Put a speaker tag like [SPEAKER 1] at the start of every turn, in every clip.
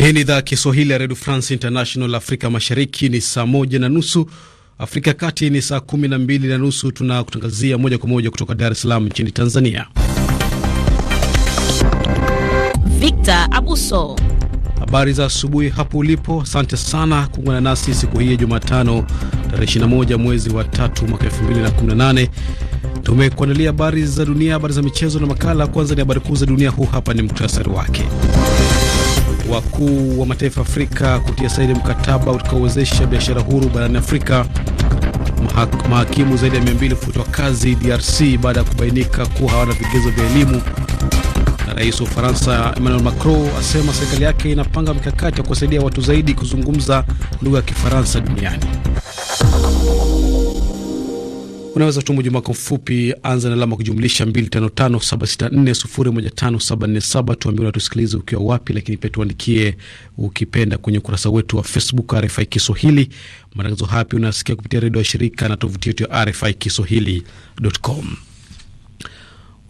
[SPEAKER 1] Hii ni idhaa ya Kiswahili ya redio France International. Afrika Mashariki ni saa moja na nusu, Afrika ya Kati ni saa kumi na mbili na nusu. Tunakutangazia moja kwa moja kutoka Dar es Salaam nchini Tanzania.
[SPEAKER 2] Victor Abuso,
[SPEAKER 1] habari za asubuhi hapo ulipo. Asante sana kuungana nasi siku hii ya Jumatano, tarehe 21 mwezi wa tatu mwaka 2018. Tumekuandalia habari za dunia, habari za michezo na makala. Kwanza ni habari kuu za dunia, huu hapa ni muktasari wake wakuu wa mataifa Afrika kutia saini mkataba utakaowezesha biashara huru barani Afrika. mahakimu zaidi ya 200 kufutwa kazi DRC baada ya kubainika kuwa hawana vigezo vya elimu. Na rais wa Ufaransa Emmanuel Macron asema serikali yake inapanga mikakati ya kuwasaidia watu zaidi kuzungumza lugha ya Kifaransa duniani. Unaweza tuma ujumbe wako mfupi, anza na alama kujumlisha 255764015747. Tuambie unatusikiliza ukiwa wapi, lakini pia tuandikie ukipenda kwenye ukurasa wetu wa Facebook RFI Kiswahili. Matangazo haya pia unasikia kupitia redio ya shirika na tovuti yetu ya RFI Kiswahili.com.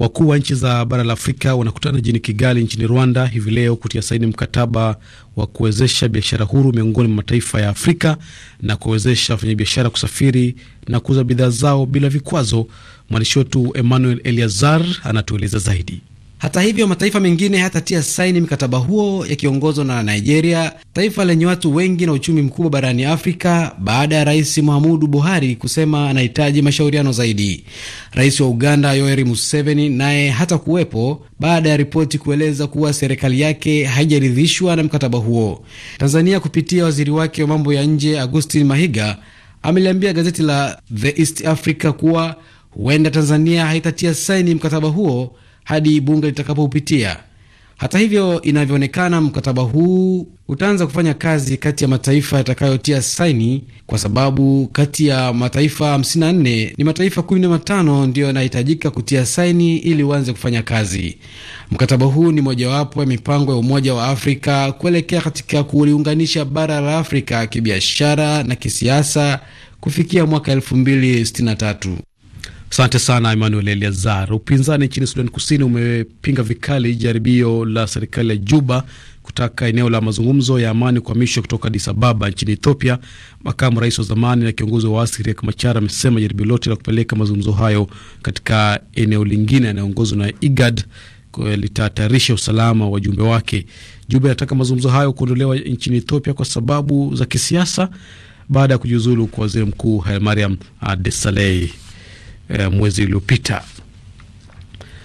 [SPEAKER 1] Wakuu wa nchi za bara la Afrika wanakutana jijini Kigali nchini Rwanda hivi leo kutia saini mkataba wa kuwezesha biashara huru miongoni mwa mataifa ya Afrika na kuwezesha wafanyabiashara kusafiri na kuuza bidhaa zao bila vikwazo. Mwandishi wetu Emmanuel Eliazar anatueleza zaidi. Hata hivyo, mataifa mengine hayatatia saini mkataba huo yakiongozwa na Nigeria, taifa lenye watu wengi na uchumi mkubwa barani Afrika, baada ya Rais Muhamudu Buhari kusema anahitaji mashauriano zaidi. Rais wa Uganda Yoweri Museveni naye hata kuwepo baada ya ripoti kueleza kuwa serikali yake haijaridhishwa na mkataba huo. Tanzania kupitia waziri wake wa mambo ya nje Augustin Mahiga ameliambia gazeti la The East Africa kuwa huenda Tanzania haitatia saini mkataba huo hadi bunge litakapopitia. Hata hivyo, inavyoonekana mkataba huu utaanza kufanya kazi kati ya mataifa yatakayotia saini, kwa sababu kati ya mataifa 54 ni mataifa 15 ndiyo yanahitajika kutia saini ili uanze kufanya kazi. Mkataba huu ni mojawapo ya mipango ya Umoja wa Afrika kuelekea katika kuliunganisha bara la Afrika kibiashara na kisiasa kufikia mwaka 2063. Asante sana Emmanuel Eliazar. Upinzani nchini Sudan Kusini umepinga vikali jaribio la serikali ya Juba kutaka eneo la mazungumzo ya amani kuhamishwa kutoka Addis Ababa nchini Ethiopia. Makamu rais wa zamani na kiongozi wa waasi Riek Machar amesema jaribio lote la kupeleka mazungumzo hayo katika eneo lingine yanayoongozwa na IGAD litahatarisha usalama wa wajumbe wake. Juba inataka mazungumzo hayo kuondolewa nchini Ethiopia kwa sababu za kisiasa baada ya kujiuzulu kwa waziri mkuu Hailemariam Desalegn eh, mwezi uliopita.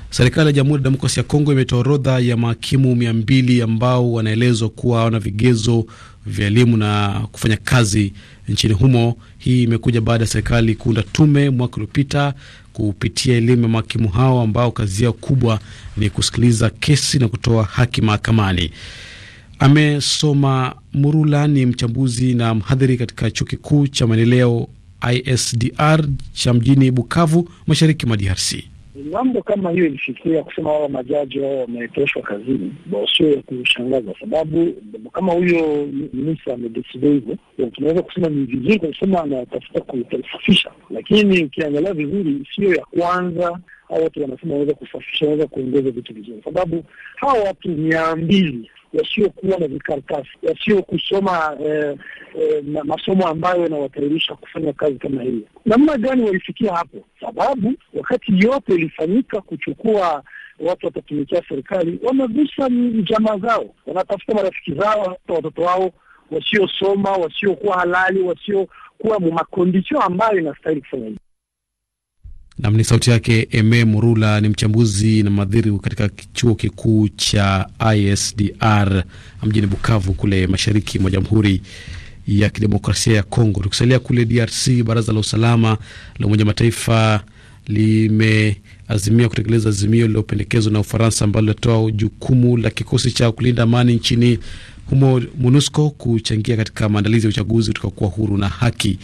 [SPEAKER 1] Serikali ya Jamhuri ya Demokrasia ya Kongo imetoa orodha ya mahakimu mia mbili ambao wanaelezwa kuwa wana vigezo vya elimu na kufanya kazi nchini humo. Hii imekuja baada ya serikali kuunda tume mwaka uliopita kupitia elimu ya mahakimu hao ambao kazi yao kubwa ni kusikiliza kesi na kutoa haki mahakamani. Amesoma Murula ni mchambuzi na mhadhiri katika chuo kikuu cha maendeleo ISDR cha mjini Bukavu, mashariki mwa DRC.
[SPEAKER 3] Mambo kama hiyo ilifikia kusema wao majaji wao wameekeshwa kazini, sio ya kushangaza, sababu kama huyo minista amedeside hivyo, tunaweza kusema ni vizuri, kwa kusema anatafuta kuitaifisha, lakini ukiangalia vizuri, siyo ya kwanza au watu wanasema waweza kusafisha, waweza kuongeza vitu vizuri, sababu hawa watu mia mbili wasiokuwa na vikaratasi, wasiokusoma eh, eh, masomo ambayo yanawatairisha kufanya kazi kama hiyo, namna gani walifikia hapo? Sababu wakati yote ilifanyika kuchukua watu watatumikia serikali, wamegusa jamaa zao, wanatafuta marafiki zao, hata watoto wao wasiosoma, wasiokuwa halali, wasiokuwa makondisio ambayo inastahili kufanya hivi.
[SPEAKER 1] Nam, ni sauti yake Eme Murula, ni mchambuzi na madhiri katika chuo kikuu cha ISDR mjini Bukavu kule mashariki mwa Jamhuri ya Kidemokrasia ya Kongo. Tukisalia kule DRC, baraza la usalama la Umoja Mataifa limeazimia kutekeleza azimio lililopendekezwa na Ufaransa ambalo linatoa jukumu la kikosi cha kulinda amani nchini humo MONUSCO kuchangia katika maandalizi ya uchaguzi utakaokuwa huru na haki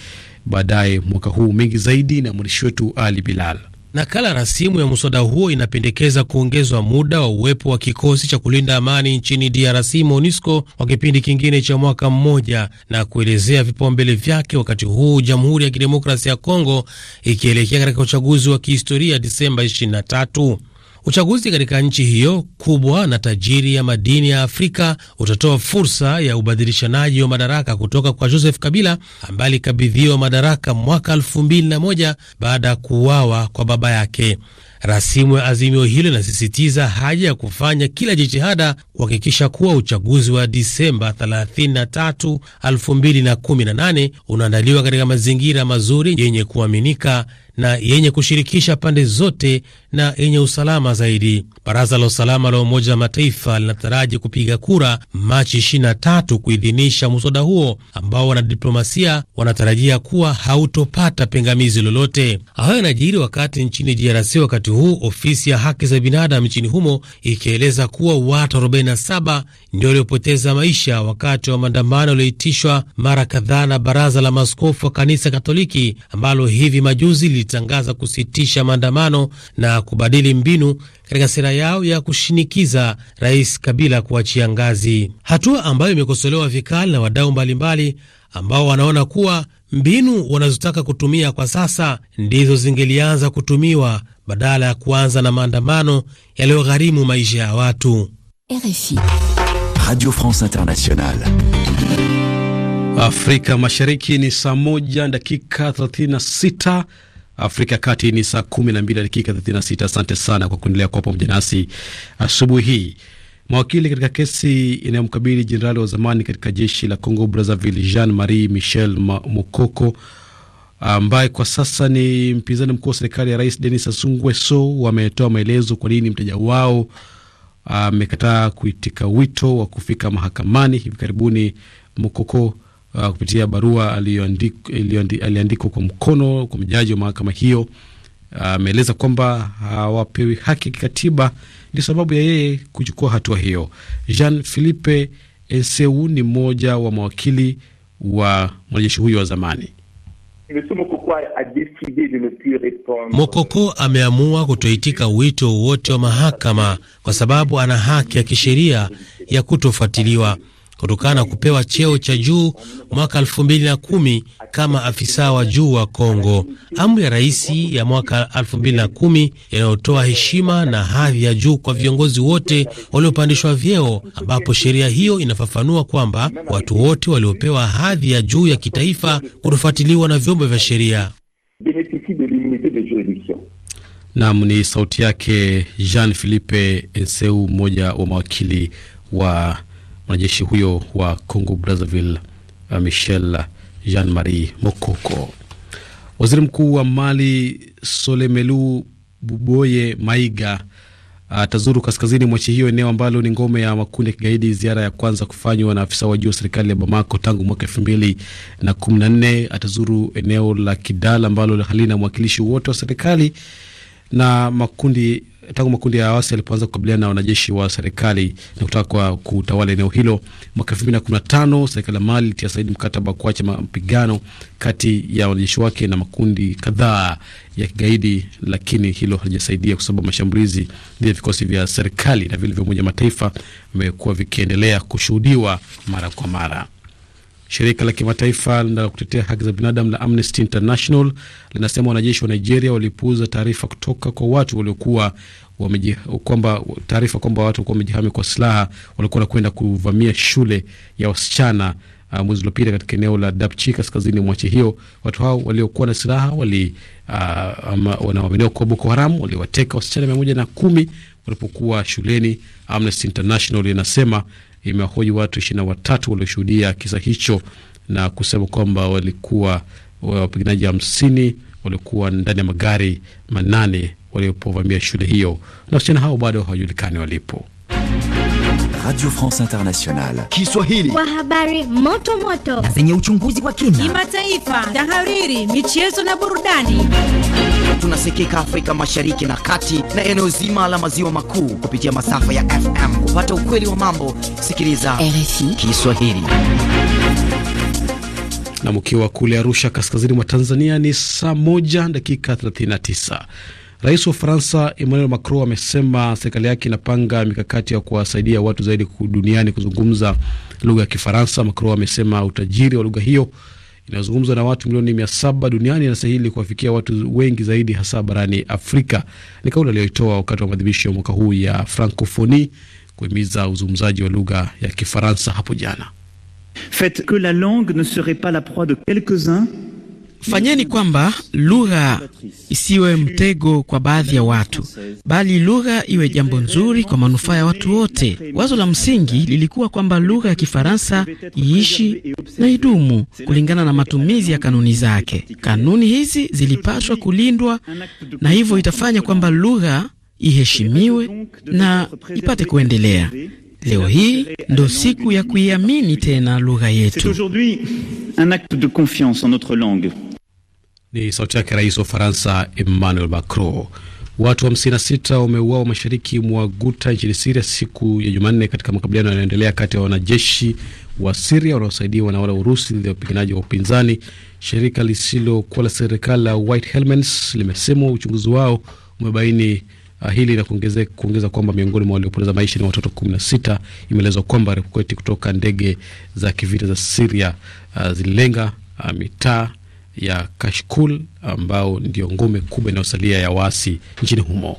[SPEAKER 1] baadaye mwaka huu. Mengi zaidi na mwandishi wetu Ali Bilal.
[SPEAKER 4] Nakala rasimu ya mswada huo inapendekeza kuongezwa muda wa uwepo wa kikosi cha kulinda amani nchini DRC MONUSCO kwa kipindi kingine cha mwaka mmoja na kuelezea vipaumbele vyake, wakati huu Jamhuri ya Kidemokrasia ya Kongo ikielekea katika uchaguzi wa kihistoria Disemba 23. Uchaguzi katika nchi hiyo kubwa na tajiri ya madini ya Afrika utatoa fursa ya ubadilishanaji wa madaraka kutoka kwa Joseph Kabila ambaye alikabidhiwa madaraka mwaka 2001 baada ya kuuawa kwa baba yake. Rasimu ya azimio hilo inasisitiza haja ya kufanya kila jitihada kuhakikisha kuwa uchaguzi wa Disemba 33, 2018 unaandaliwa katika mazingira mazuri yenye kuaminika na yenye kushirikisha pande zote na yenye usalama zaidi. Baraza la usalama la Umoja wa Mataifa linataraji kupiga kura Machi 23 kuidhinisha muswada huo ambao wanadiplomasia wanatarajia kuwa hautopata pingamizi lolote. Hayo yanajiri wakati nchini DRC, wakati huu ofisi ya haki za binadamu nchini humo ikieleza kuwa watu 47 ndio waliopoteza maisha wakati wa maandamano yaliyoitishwa mara kadhaa na baraza la maskofu wa kanisa Katoliki ambalo hivi majuzi ilitangaza kusitisha maandamano na kubadili mbinu katika sera yao ya kushinikiza Rais Kabila kuachia ngazi, hatua ambayo imekosolewa vikali na wadau mbalimbali ambao wanaona kuwa mbinu wanazotaka kutumia kwa sasa ndizo zingelianza kutumiwa badala ya kuanza na maandamano yaliyogharimu maisha ya watu.
[SPEAKER 5] RFI, Radio France Internationale.
[SPEAKER 1] Afrika Mashariki ni saa moja dakika 36 Afrika Kati ni saa kumi na mbili na dakika 36. Asante sana kwa kuendelea kuwa pamoja nasi asubuhi hii. Mawakili katika kesi inayomkabili jenerali wa zamani katika jeshi la Congo Brazzaville Jean Marie Michel Mokoko ambaye kwa sasa ni mpinzani mkuu wa serikali ya Rais Denis Sassou Nguesso wametoa maelezo kwa nini mteja wao amekataa kuitika wito wa kufika mahakamani. Hivi karibuni Mokoko uh, kupitia barua aliyoandikwa kwa mkono kwa mjaji wa mahakama hiyo ameeleza uh, kwamba hawapewi uh, haki ya kikatiba, ndio sababu ya yeye kuchukua hatua hiyo. Jean Philippe Enseu ni mmoja wa mawakili wa mwanajeshi huyo wa zamani.
[SPEAKER 4] Mokoko ameamua kutoitika wito wowote wa mahakama kwa sababu ana haki ya kisheria ya kutofuatiliwa kutokana na kupewa cheo cha juu mwaka 2010 kama afisa wa juu wa Kongo. Amri ya rais ya mwaka 2010 inayotoa heshima na hadhi ya juu kwa viongozi wote waliopandishwa vyeo, ambapo sheria hiyo inafafanua kwamba watu wote waliopewa hadhi ya juu ya kitaifa kutofuatiliwa na vyombo vya sheria.
[SPEAKER 1] Nam ni sauti yake Jean Philippe Enseu, mmoja wa mawakili wa mwanajeshi huyo wa Congo Brazzaville uh, Michel Jean Marie Mokoko. Waziri Mkuu wa Mali Solemelu Buboye Maiga atazuru uh, kaskazini mwa nchi hiyo, eneo ambalo ni ngome ya makundi ya kigaidi, ziara ya kwanza kufanywa na afisa wa juu wa serikali ya Bamako tangu mwaka elfu mbili na kumi na nne. Atazuru eneo la Kidal ambalo halina mwakilishi wote wa serikali na makundi tangu makundi ya waasi yalipoanza kukabiliana na wanajeshi wa serikali na kutaka kwa kutawala eneo hilo mwaka tano. serikali ya Mali ilitia saini mkataba wa kuacha mapigano kati ya wanajeshi wake na makundi kadhaa ya kigaidi, lakini hilo halijasaidia kwa sababu mashambulizi dhidi ya vikosi vya serikali na vile vya Umoja Mataifa vimekuwa vikiendelea kushuhudiwa mara kwa mara. Shirika la kimataifa kutetea haki za binadamu la Amnesty International linasema wanajeshi wa Nigeria walipuuza taarifa kutoka kwa watu waliokuwa kwamba taarifa kwamba watu walikuwa wamejihami kwa silaha walikuwa wanakwenda kuvamia shule ya wasichana uh, mwezi uliopita katika eneo la Dapchi kaskazini mwa nchi hiyo. Watu hao waliokuwa na silaha wali uh, kuwa Boko Haram waliwateka wasichana mia moja na kumi walipokuwa shuleni. Amnesty International inasema imewahoji watu ishirini na watatu walioshuhudia kisa hicho na kusema kwamba walikuwa wapiganaji hamsini waliokuwa ndani ya magari manane walipovamia shule hiyo, na wasichana hao bado hawajulikani walipo. Radio France Internationale Kiswahili,
[SPEAKER 2] kwa
[SPEAKER 5] habari moto moto na
[SPEAKER 2] zenye uchunguzi wa kina,
[SPEAKER 5] kimataifa, tahariri, michezo na burudani
[SPEAKER 2] tunasikika Afrika Mashariki na Kati na eneo zima la maziwa makuu kupitia masafa ya FM. Kupata ukweli wa mambo, sikiliza RFI
[SPEAKER 1] Kiswahili. Na mkiwa kule Arusha, kaskazini mwa Tanzania, ni saa moja dakika 39. Rais wa Ufaransa Emmanuel Macron amesema serikali yake inapanga mikakati ya kuwasaidia watu zaidi duniani kuzungumza lugha ya Kifaransa. Macron amesema utajiri wa lugha hiyo inayozungumzwa na watu milioni mia saba duniani inastahili kuwafikia watu wengi zaidi, hasa barani Afrika. Ni kauli aliyoitoa wakati wa maadhimisho ya mwaka huu ya Francofoni kuhimiza uzungumzaji wa lugha ya Kifaransa hapo
[SPEAKER 2] jana.
[SPEAKER 5] Faites que la langue ne serait pas la proie de quelques-uns Fanyeni
[SPEAKER 2] kwamba lugha isiwe mtego kwa baadhi ya watu, bali lugha iwe jambo nzuri kwa manufaa ya watu wote. Wazo la msingi lilikuwa kwamba lugha ya Kifaransa iishi na idumu kulingana na matumizi ya kanuni zake. Kanuni hizi zilipaswa kulindwa, na hivyo itafanya kwamba lugha iheshimiwe na ipate kuendelea. Leo hii ndo siku ya kuiamini tena lugha yetu.
[SPEAKER 1] Ni sauti yake rais wa Ufaransa Emmanuel Macron. Watu 56 wameuawa mashariki mwa Guta nchini Siria siku ya Jumanne katika makabiliano yanayoendelea kati ya wanajeshi wa Siria wanaosaidiwa na wale Urusi dhidi ya wapiganaji wa upinzani. Shirika lisilokuwa la serikali la White Helmets limesema uchunguzi wao umebaini uh, hili na kuongeza kwamba miongoni mwa waliopoteza maisha ni watoto 16. Imeelezwa kwamba roketi kutoka ndege za kivita za Siria uh, ah, zililenga uh, mitaa ya Kashkul ambao ndio ngome kubwa inayosalia ya waasi nchini humo.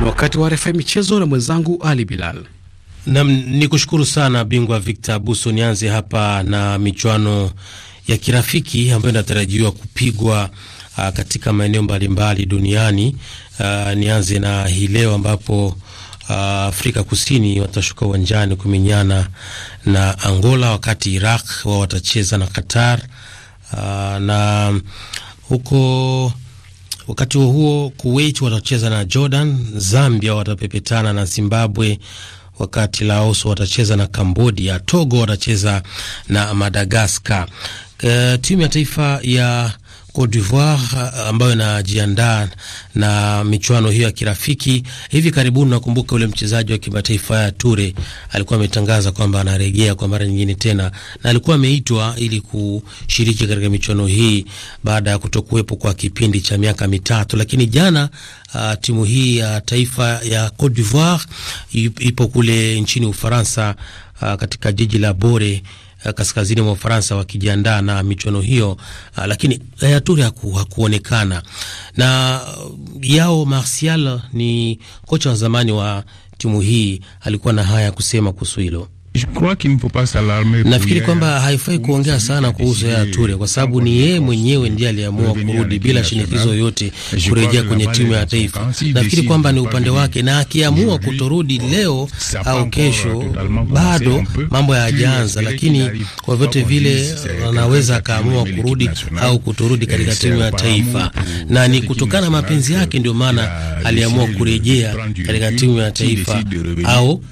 [SPEAKER 4] Ni wakati wa RFI michezo na mwenzangu Ali Bilal. Nam ni kushukuru sana bingwa Victor Abuso. Nianze hapa na michuano ya kirafiki ambayo inatarajiwa kupigwa uh, katika maeneo mbalimbali duniani. Uh, nianze na hii leo ambapo uh, Afrika Kusini watashuka uwanjani kumenyana na Angola, wakati Iraq wao watacheza na Qatar. Uh, na huko wakati huo huo Kuwait watacheza na Jordan, Zambia watapepetana na Zimbabwe, wakati Laos watacheza na Cambodia, Togo watacheza na Madagaskar. Uh, timu ya taifa ya Cote d'Ivoire uh, ambayo inajiandaa na michuano hiyo ya kirafiki. Hivi karibuni, nakumbuka yule mchezaji wa kimataifa ya Ture alikuwa ametangaza kwamba anarejea kwa mara nyingine tena, na alikuwa ameitwa ili kushiriki katika michuano hii baada ya kutokuwepo kwa kipindi cha miaka mitatu, lakini jana Uh, timu hii ya taifa ya Cote d'Ivoire ipo kule nchini Ufaransa, uh, katika jiji la Bore Eh, kaskazini mwa Ufaransa wakijiandaa na michuano hiyo, ah, lakini Yaya eh, Toure haku, hakuonekana na eh, yao. Martial ni kocha wa zamani wa timu hii, alikuwa na haya ya kusema kuhusu hilo.
[SPEAKER 6] Nafikiri kwamba
[SPEAKER 4] haifai kuongea sana kuhusu ya Ture kwa sababu ni yeye mwenyewe ndiye aliamua kurudi bila shinikizo yote eh, kurejea kwenye timu ya taifa. Nafikiri kwamba ni upande wake, na akiamua kutorudi leo au kesho, bado mambo hayajaanza, lakini kwa vyote vile anaweza akaamua kurudi au kutorudi katika timu ya taifa, na ni kutokana na mapenzi yake ndio maana aliamua kurejea katika timu ya taifa au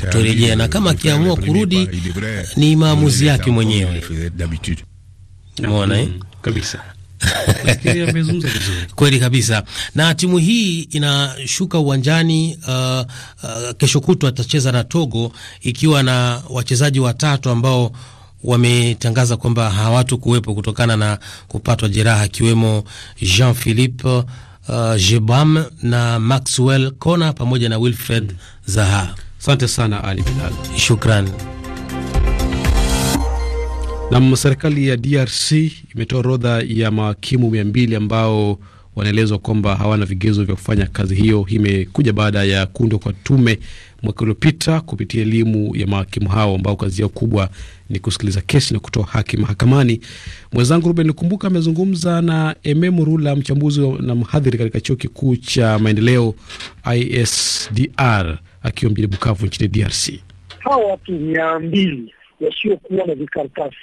[SPEAKER 4] kutorejea, eh, na kama akiamua kurudi eh, ni maamuzi yake mwenyewe. Umeona eh? mm, Kabisa. Kweli kabisa. Na timu hii inashuka uwanjani uh, uh, kesho kutwa atacheza na Togo ikiwa na wachezaji watatu ambao wametangaza kwamba hawatu kuwepo kutokana na kupatwa jeraha akiwemo Jean Philippe uh, Jebam na Maxwell Kona pamoja na Wilfred Zaha. Asante sana Ali Bilal, shukran. Nam, serikali ya DRC imetoa
[SPEAKER 1] orodha ya mahakimu mia mbili ambao wanaelezwa kwamba hawana vigezo vya kufanya kazi hiyo. imekuja baada ya kuundwa kwa tume mwaka uliopita kupitia elimu ya mahakimu hao ambao kazi yao kubwa ni kusikiliza kesi na kutoa haki mahakamani. Mwenzangu Ruben Likumbuka amezungumza na eme Rula, mchambuzi na mhadhiri katika chuo kikuu cha maendeleo ISDR akiwa mjini Bukavu nchini DRC.
[SPEAKER 3] Hawa watu mia mbili wasiokuwa na vikaratasi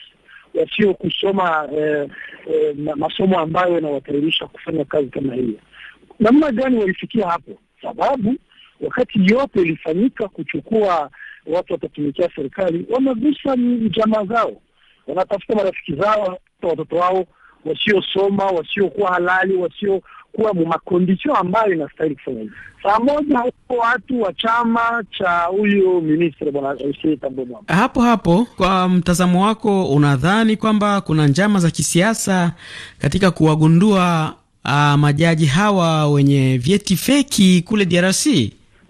[SPEAKER 3] wasiokusoma eh, eh, masomo ambayo yanawakaribisha kufanya kazi kama hiyo, namna gani walifikia hapo? Sababu wakati yote ilifanyika kuchukua watu watatumikia serikali wamegusa njama zao, wanatafuta marafiki zao, watoto wao wasiosoma, wasiokuwa halali, wasiokuwa makondisio ambayo inastahili kufanya hivi. Saa moja huko watu wa chama cha huyo ministre bwana
[SPEAKER 2] hapo hapo. Kwa mtazamo wako, unadhani kwamba kuna njama za kisiasa katika kuwagundua uh, majaji hawa wenye vyeti feki kule DRC?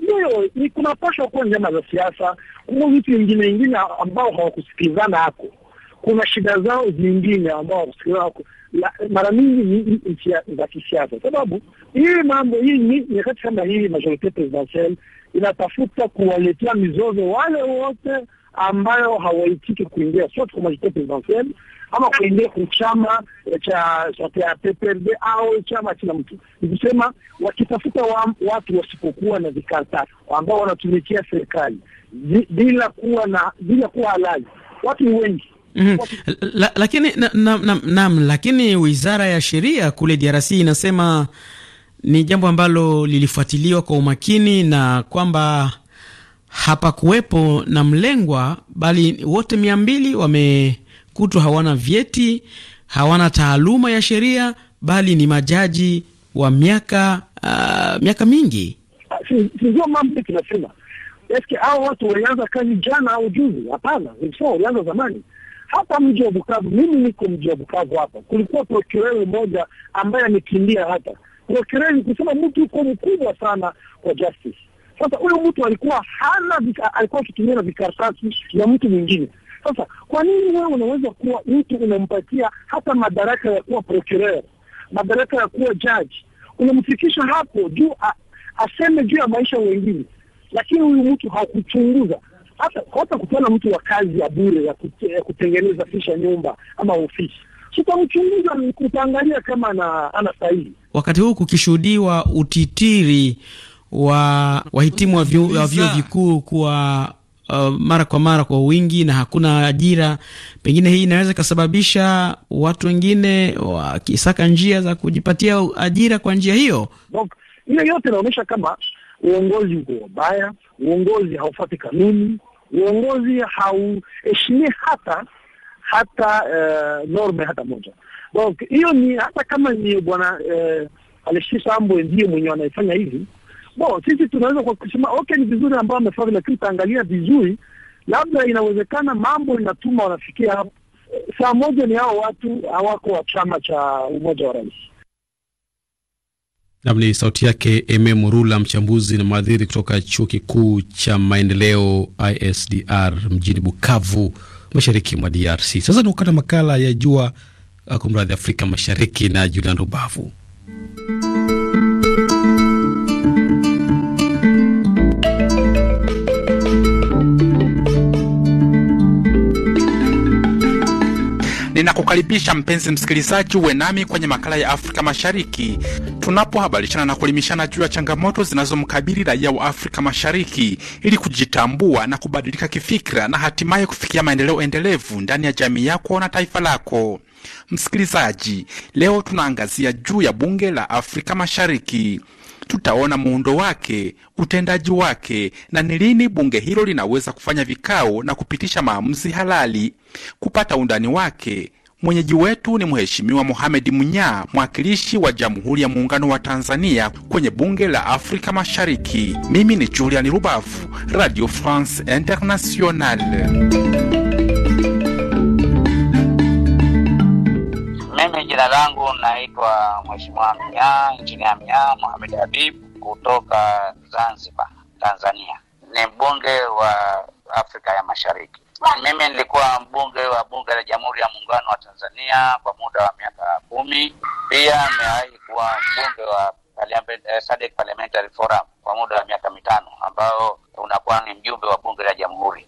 [SPEAKER 3] hiyo ni kunapaswa kuwa njama za siasa. Kuna vitu vingine ingine ambao hawakusikilizana hako, kuna shida zao zingine ambao hawakusikilizana hako, mara nyingi ni za kisiasa, sababu hii mambo hii ni nyakati kama hii, majorite presidentielle inatafuta kuwaletea mizozo wale wote ambayo hawaitiki kuingia sote kwa majorite presidentielle ama kuendea kwenye chama cha PPRD au chama kila mtu. Nikusema wakitafuta wa, watu wasipokuwa na vikarta ambao wanatumikia serikali bila kuwa na bila kuwa halali, watu ni wengi.
[SPEAKER 2] Mm -hmm. La, lakini naam na, na, na, lakini Wizara ya Sheria kule DRC inasema ni jambo ambalo lilifuatiliwa kwa umakini na kwamba hapakuwepo na mlengwa bali wote mia mbili wame kutwa hawana vyeti, hawana taaluma ya sheria, bali ni majaji wa miaka uh, miaka
[SPEAKER 3] mingi. Ah, Sijua mambo kinasema eske hao watu walianza kazi jana au juzi? Hapana, walianza zamani. Hapa mji wa Bukavu, mimi niko mji wa Bukavu hapa, kulikuwa prokureri mmoja ambaye amekimbia. Hata prokureri kusema mtu uko mkubwa sana kwa justice. Sasa huyu mtu alikuwa hana, alikuwa akitumia na vikaratasi ya mtu mwingine sasa kwa nini wewe unaweza kuwa mtu unampatia hata madaraka ya kuwa procureur, madaraka ya kuwa jaji, unamfikisha hapo juu aseme juu ya maisha wengine, lakini huyu mtu hakuchunguza hata hata kupeana mtu wa kazi ya bure ya, kute, ya kutengeneza fisha nyumba ama ofisi utamchunguza kutaangalia kama ana sahihi.
[SPEAKER 2] Wakati huu kukishuhudiwa utitiri wa wahitimu wa vyuo vikuu kuwa uh, mara kwa mara kwa wingi na hakuna ajira, pengine hii inaweza ikasababisha watu wengine wakisaka njia za kujipatia ajira kwa njia hiyo.
[SPEAKER 3] Hiyo yote inaonyesha kama uongozi uko wabaya, uongozi haufati kanuni, uongozi hauheshimii hata hata uh, norme hata moja. hiyo ni hata kama ni bwana uh, eh, Alexis Sambwe ndiye mwenye hivi Bo, sisi tunaweza kwa kusema okay, ni vizuri ambao wamefanya, lakini taangalia vizuri, labda inawezekana mambo inatuma wanafikia hapo. Saa moja ni hao watu hawako wa chama cha umoja wa rais.
[SPEAKER 1] Nam ni sauti yake Eme Murula, mchambuzi na mhadhiri kutoka chuo kikuu cha maendeleo ISDR mjini Bukavu, mashariki mwa DRC. Sasa ni ukata makala ya jua uh, kumradhi, Afrika Mashariki na Julian Rubavu.
[SPEAKER 6] Ninakukaribisha mpenzi msikilizaji, uwe nami kwenye makala ya Afrika Mashariki tunapohabarishana na kuelimishana juu ya changamoto zinazomkabili raia wa Afrika Mashariki ili kujitambua na kubadilika kifikira na hatimaye kufikia maendeleo endelevu ndani ya jamii yako na taifa lako. Msikilizaji, leo tunaangazia juu ya bunge la Afrika Mashariki tutaona muundo wake, utendaji wake na ni lini bunge hilo linaweza kufanya vikao na kupitisha maamuzi halali. Kupata undani wake, mwenyeji wetu ni Mheshimiwa Mohamed Mnyaa, mwakilishi wa Jamhuri ya Muungano wa Tanzania kwenye Bunge la Afrika Mashariki. Mimi ni Julian Rubavu, Radio France Internationale.
[SPEAKER 5] Mimi jina langu naitwa Mheshimiwa Mnyaa Injinia Mnyaa Mohamed Habib kutoka Zanzibar, Tanzania. Ni mbunge wa Afrika ya Mashariki. Mimi nilikuwa mbunge wa bunge la Jamhuri ya Muungano wa Tanzania kwa muda wa miaka kumi. Pia nimewahi kuwa mbunge wa eh, SADC Parliamentary Forum kwa muda wa miaka mitano, ambao unakuwa ni mjumbe wa bunge la Jamhuri.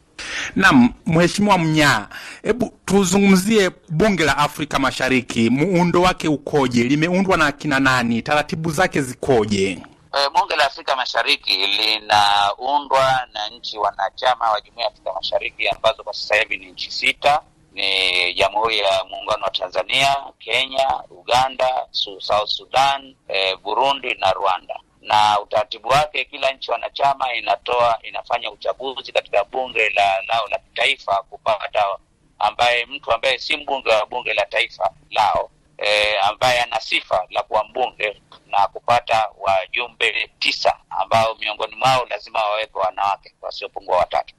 [SPEAKER 6] Naam, Mheshimiwa Mnyaa Hebu tuzungumzie bunge la Afrika Mashariki, muundo wake ukoje? Limeundwa na kina nani? Taratibu zake zikoje?
[SPEAKER 5] E, bunge la Afrika Mashariki linaundwa na nchi wanachama wa Jumuiya ya Afrika Mashariki ambazo kwa sasa hivi ni nchi sita ni Jamhuri ya Muungano wa Tanzania, Kenya, Uganda, South Sudan, e, Burundi na Rwanda. Na utaratibu wake, kila nchi wanachama inatoa inafanya uchaguzi katika bunge la lao la kitaifa kupata ambaye mtu ambaye si mbunge wa bunge la taifa lao e, ambaye ana sifa la kuwa mbunge na kupata wajumbe tisa ambao miongoni mwao lazima wawepo wanawake wasiopungua watatu.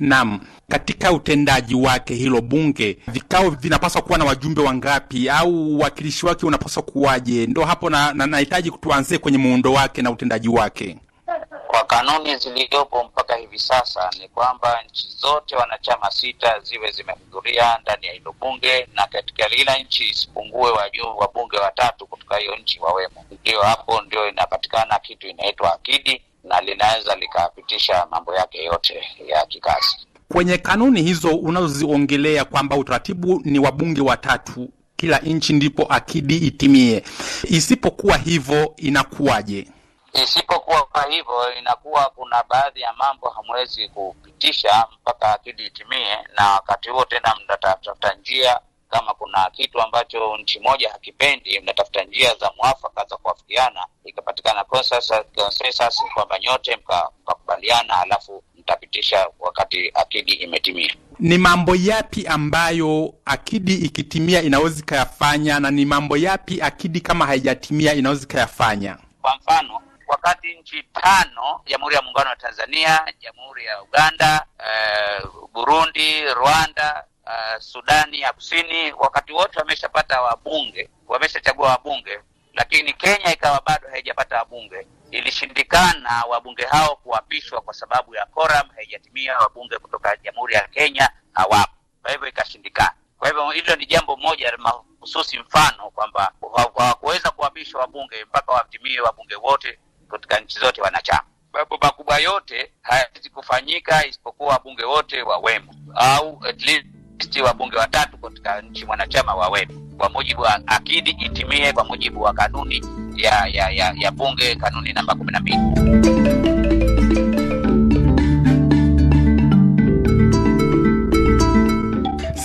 [SPEAKER 6] Naam, katika utendaji wake hilo bunge, vikao vinapaswa kuwa na wajumbe wangapi au uwakilishi wake unapaswa kuwaje? Ndo hapo nahitaji na, na tuanzie kwenye muundo wake na utendaji wake.
[SPEAKER 5] Kwa kanuni zilizopo mpaka hivi sasa ni kwamba nchi zote wanachama sita ziwe zimehudhuria ndani ya hilo bunge, na katika kila nchi isipungue wajuu bunge watatu kutoka hiyo nchi wawemo. Ndiyo hapo ndio inapatikana kitu inaitwa akidi, na linaweza likapitisha mambo yake yote ya kikazi.
[SPEAKER 6] Kwenye kanuni hizo unazoziongelea kwamba utaratibu ni wabunge watatu kila nchi, ndipo akidi itimie. Isipokuwa hivyo inakuwaje?
[SPEAKER 3] Isipokuwa
[SPEAKER 5] hivyo, inakuwa kuna baadhi ya mambo hamwezi kupitisha mpaka akidi itimie, na wakati huo tena mnatafuta njia kama kuna kitu ambacho nchi moja hakipendi, mnatafuta njia za mwafaka za kuafikiana, ikapatikana consensus kwamba nyote mkakubaliana, alafu mtapitisha wakati akidi imetimia.
[SPEAKER 6] Ni mambo yapi ambayo akidi ikitimia inaweza ikayafanya, na ni mambo yapi akidi kama haijatimia inaweza ikayafanya?
[SPEAKER 5] Kwa mfano wakati nchi tano, Jamhuri ya Muungano wa Tanzania, Jamhuri ya Uganda, uh, Burundi, Rwanda, uh, Sudani ya Kusini, wakati wote wameshapata wabunge, wameshachagua wabunge, lakini Kenya ikawa bado haijapata wabunge. Ilishindikana wabunge hao kuapishwa kwa sababu ya quorum haijatimia, wabunge kutoka Jamhuri ya Kenya hawapo, kwa hivyo ikashindikana. Kwa hivyo hilo ni jambo moja mahususi, mfano kwamba hawakuweza kuapishwa wabunge mpaka watimie wabunge wote katika nchi zote wanachama. Mambo makubwa yote hayawezi kufanyika isipokuwa wabunge wote wawemo, au at least wabunge watatu katika nchi mwanachama wawemo, kwa mujibu wa akidi itimie, kwa mujibu wa kanuni ya ya, ya, ya bunge, kanuni namba kumi na mbili.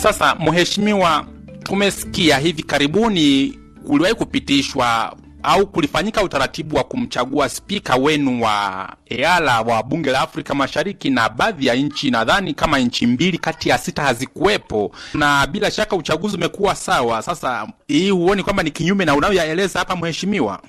[SPEAKER 6] Sasa mheshimiwa, tumesikia hivi karibuni kuliwahi kupitishwa au kulifanyika utaratibu wa kumchagua spika wenu wa EALA wa bunge la Afrika Mashariki, na baadhi ya nchi, nadhani kama nchi mbili kati ya sita hazikuwepo, na bila shaka uchaguzi umekuwa sawa. Sasa hii huoni kwamba ni kinyume na unayoyaeleza hapa mheshimiwa?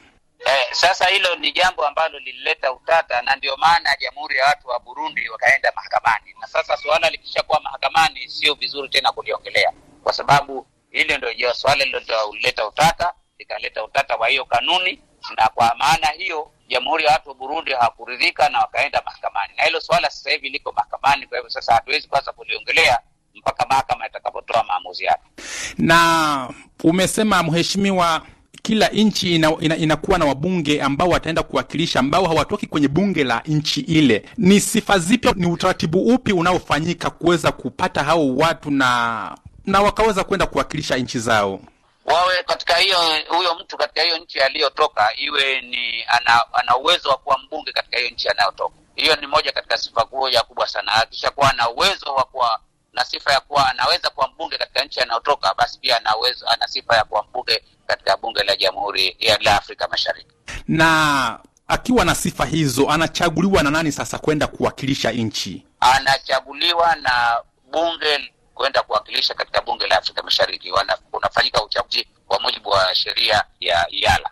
[SPEAKER 5] Eh, sasa hilo ni jambo ambalo lilileta utata na ndio maana Jamhuri ya Watu wa Burundi wakaenda mahakamani, na sasa suala likishakuwa mahakamani sio vizuri tena kuliongelea, kwa sababu hilo ndio swala lililoleta utata ikaleta utata wa hiyo kanuni, na kwa maana hiyo jamhuri ya watu wa Burundi hawakuridhika na wakaenda mahakamani, na hilo swala sasa hivi liko mahakamani. Kwa hivyo sasa hatuwezi kwanza kuliongelea mpaka mahakama itakapotoa maamuzi yake.
[SPEAKER 6] Na umesema mheshimiwa, kila nchi inakuwa ina, inakuwa na wabunge ambao wataenda kuwakilisha ambao hawatoki kwenye bunge la nchi ile. Ni sifa zipi, ni utaratibu upi unaofanyika kuweza kupata hao watu na na wakaweza kwenda kuwakilisha nchi zao?
[SPEAKER 5] wawe katika hiyo huyo mtu katika hiyo nchi aliyotoka, iwe ni ana uwezo wa kuwa mbunge katika hiyo nchi anayotoka. Hiyo ni moja katika sifa ya kubwa sana. Akisha kuwa ana uwezo wa kuwa na sifa ya kuwa anaweza kuwa mbunge katika nchi anayotoka, basi pia ana uwezo, ana sifa ya kuwa mbunge katika bunge la Jamhuri ya Afrika Mashariki.
[SPEAKER 6] Na akiwa na sifa hizo, anachaguliwa na nani sasa kwenda kuwakilisha nchi?
[SPEAKER 5] Anachaguliwa na bunge kwenda kuwakilisha katika bunge la Afrika Mashariki. Unafanyika uchaguzi kwa mujibu wa sheria ya IALA.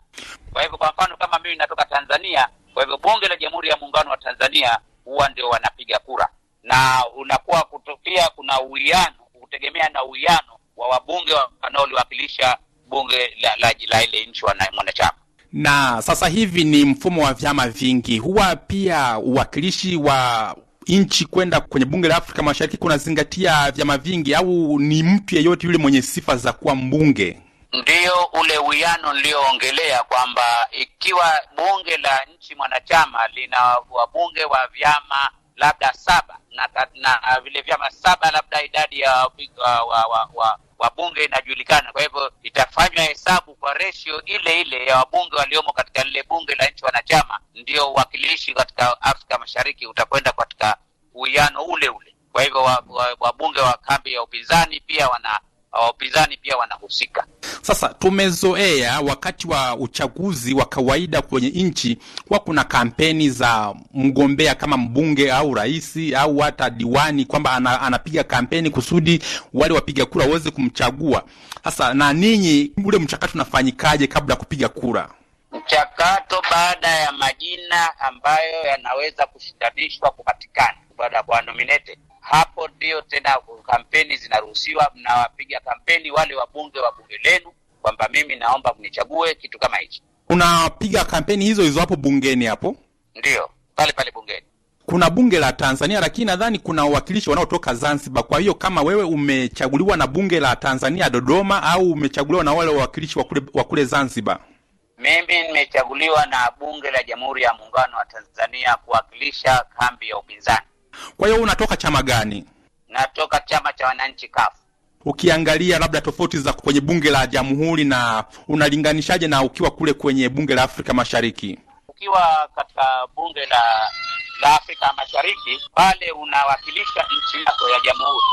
[SPEAKER 5] Kwa hivyo, kwa mfano kama mimi natoka Tanzania, kwa hivyo bunge la Jamhuri ya Muungano wa Tanzania huwa ndio wanapiga kura, na unakuwa kutopia, kuna uwiano kutegemea na uwiano wa wabunge wanaoliwakilisha bunge la, la, la ile nchi mwanachama
[SPEAKER 6] na sasa hivi ni mfumo wa vyama vingi. Huwa pia uwakilishi wa nchi kwenda kwenye bunge la Afrika Mashariki kunazingatia vyama vingi au ni mtu yeyote yule mwenye sifa za kuwa mbunge?
[SPEAKER 5] Ndiyo ule uwiano niliyoongelea kwamba ikiwa bunge la nchi mwanachama lina wabunge wa vyama labda saba na, na ah, vile vyama saba labda idadi ya uh, wa, wa, wa, wabunge inajulikana. Kwa hivyo itafanywa hesabu kwa ratio ile ile ya wabunge waliomo katika lile bunge la nchi wanachama, ndio uwakilishi katika Afrika Mashariki utakwenda katika uwiano ule ule. Kwa hivyo wabunge wa, wa, wa kambi ya upinzani pia wana wapinzani pia wanahusika. Sasa
[SPEAKER 6] tumezoea wakati wa uchaguzi wa kawaida kwenye nchi huwa kuna kampeni za mgombea kama mbunge au rais au hata diwani, kwamba ana, anapiga kampeni kusudi wale wapiga kura waweze kumchagua. Sasa na ninyi, ule mchakato unafanyikaje kabla ya kupiga kura?
[SPEAKER 5] Mchakato baada ya majina ambayo yanaweza kushindanishwa kupatikana baada ya kuwa nominated hapo ndio tena kampeni zinaruhusiwa. Mnawapiga kampeni wale wabunge wa bunge lenu kwamba mimi naomba mnichague, kitu kama hichi.
[SPEAKER 6] Unapiga kampeni hizo hizo hapo bungeni, hapo ndio pale pale bungeni. Kuna bunge la Tanzania, lakini nadhani kuna wawakilishi wanaotoka Zanzibar. Kwa hiyo kama wewe umechaguliwa na bunge la Tanzania Dodoma, au umechaguliwa na wale wawakilishi wa kule Zanzibar?
[SPEAKER 5] Mimi nimechaguliwa na bunge la Jamhuri ya Muungano wa Tanzania kuwakilisha kambi ya
[SPEAKER 6] upinzani. Kwa hiyo unatoka chama gani?
[SPEAKER 5] Natoka chama cha wananchi kafu.
[SPEAKER 6] Ukiangalia labda tofauti za kwenye bunge la jamhuri na unalinganishaje na ukiwa kule kwenye bunge la Afrika Mashariki?
[SPEAKER 5] Ukiwa katika bunge la, la Afrika Mashariki pale unawakilisha nchi yako ya jamhuri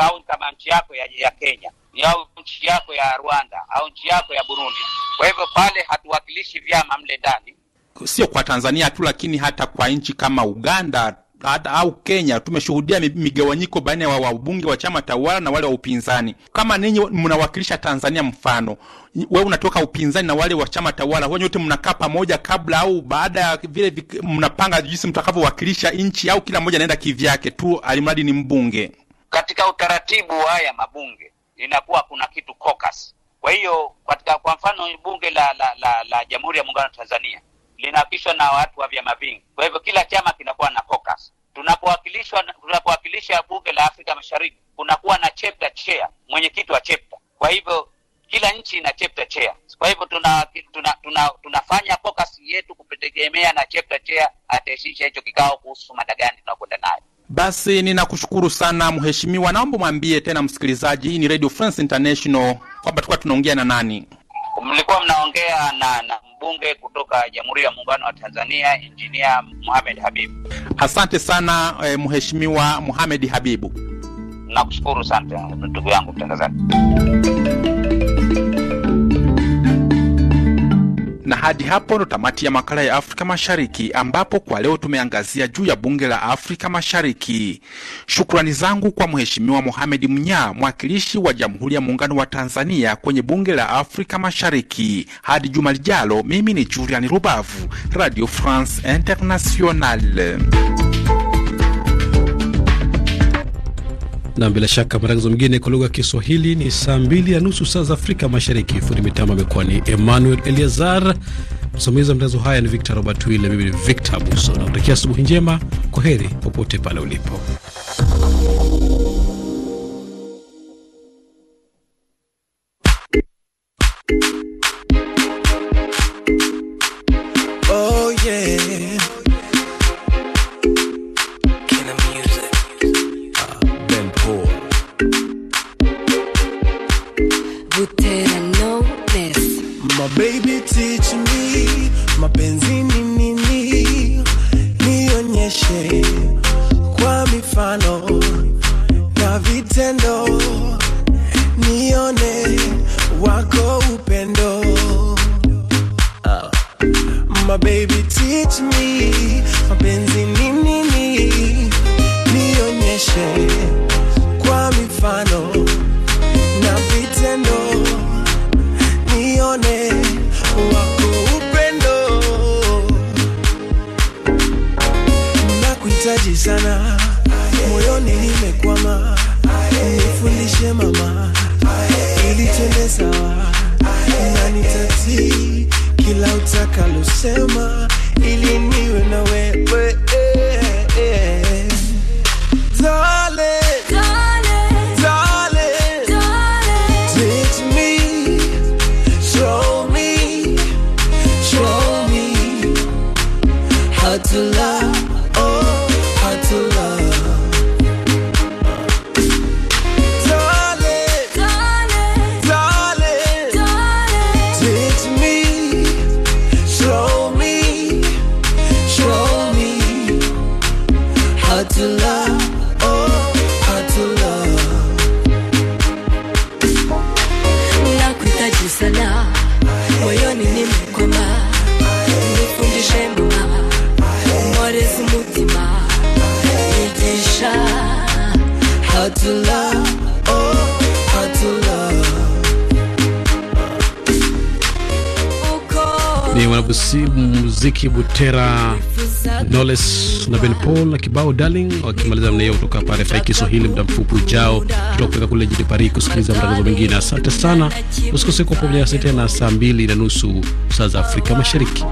[SPEAKER 5] au kama nchi yako ya, ya Kenya au nchi yako ya Rwanda au nchi yako ya Burundi. Kwa hivyo pale hatuwakilishi vyama mle ndani,
[SPEAKER 6] sio kwa Tanzania tu, lakini hata kwa nchi kama Uganda hata au Kenya tumeshuhudia migawanyiko baina ya wabunge wa chama tawala na wale wa upinzani. Kama ninyi mnawakilisha Tanzania, mfano wewe unatoka upinzani na wale wa chama tawala, wewe nyote mnakaa pamoja kabla au baada ya vile mnapanga jinsi mtakavyowakilisha nchi, au kila mmoja anaenda kivyake tu, alimradi ni mbunge?
[SPEAKER 5] Katika utaratibu wa haya mabunge inakuwa kuna kitu caucus. Kwa hiyo katika, kwa mfano bunge la la, la, la Jamhuri ya Muungano wa Tanzania linaapishwa na watu wa vyama vingi, kwa hivyo kila chama kinakuwa na focus. Tunapowakilishwa, tunapowakilisha bunge la Afrika Mashariki kunakuwa na chapter chair, mwenyekiti wa chapter. Kwa hivyo kila nchi ina chapter chair, kwa hivyo tuna, tuna, tuna, tunafanya focus yetu kutegemea na chapter chair ataishisha hicho kikao kuhusu mada gani
[SPEAKER 6] tunakwenda nayo. Basi ninakushukuru sana mheshimiwa, naomba mwambie tena msikilizaji, hii ni Radio France International kwamba tulikuwa tunaongea na nani?
[SPEAKER 5] Mlikuwa mnaongea na, na mbunge kutoka Jamhuri ya Muungano wa Tanzania, Injinia muhamed Habibu.
[SPEAKER 6] Asante sana eh, Mheshimiwa Muhamed Habibu, nakushukuru. sana ndugu yangu mtangazaji. Na hadi hapo ndo tamati ya makala ya Afrika Mashariki, ambapo kwa leo tumeangazia juu ya bunge la Afrika Mashariki. Shukrani zangu kwa Mheshimiwa Mohamed Mnyaa, mwakilishi wa Jamhuri ya Muungano wa Tanzania kwenye bunge la Afrika Mashariki. Hadi juma lijalo, mimi ni Julian Rubavu, Radio France Internationale. na
[SPEAKER 1] bila shaka matangazo mengine kwa lugha ya Kiswahili ni saa mbili na nusu saa za Afrika Mashariki. Fundi mitambo amekuwa ni Emmanuel Eliazar, msimamizi wa matangazo haya ni Victor Robert Wille, mimi ni Victor Buso Nakutakia asubuhi njema. Kwa heri popote pale ulipo. Kibutera Noles na Ben Paul na kibao darling, wakimaliza mna hiyo kutoka hapa RFI Kiswahili. Muda mfupi ujao tutapeleka kule jijini Paris kusikiliza matangazo mengine. Asante sana, usikose kwa pamoja nasi tena saa mbili na nusu saa za Afrika Mashariki.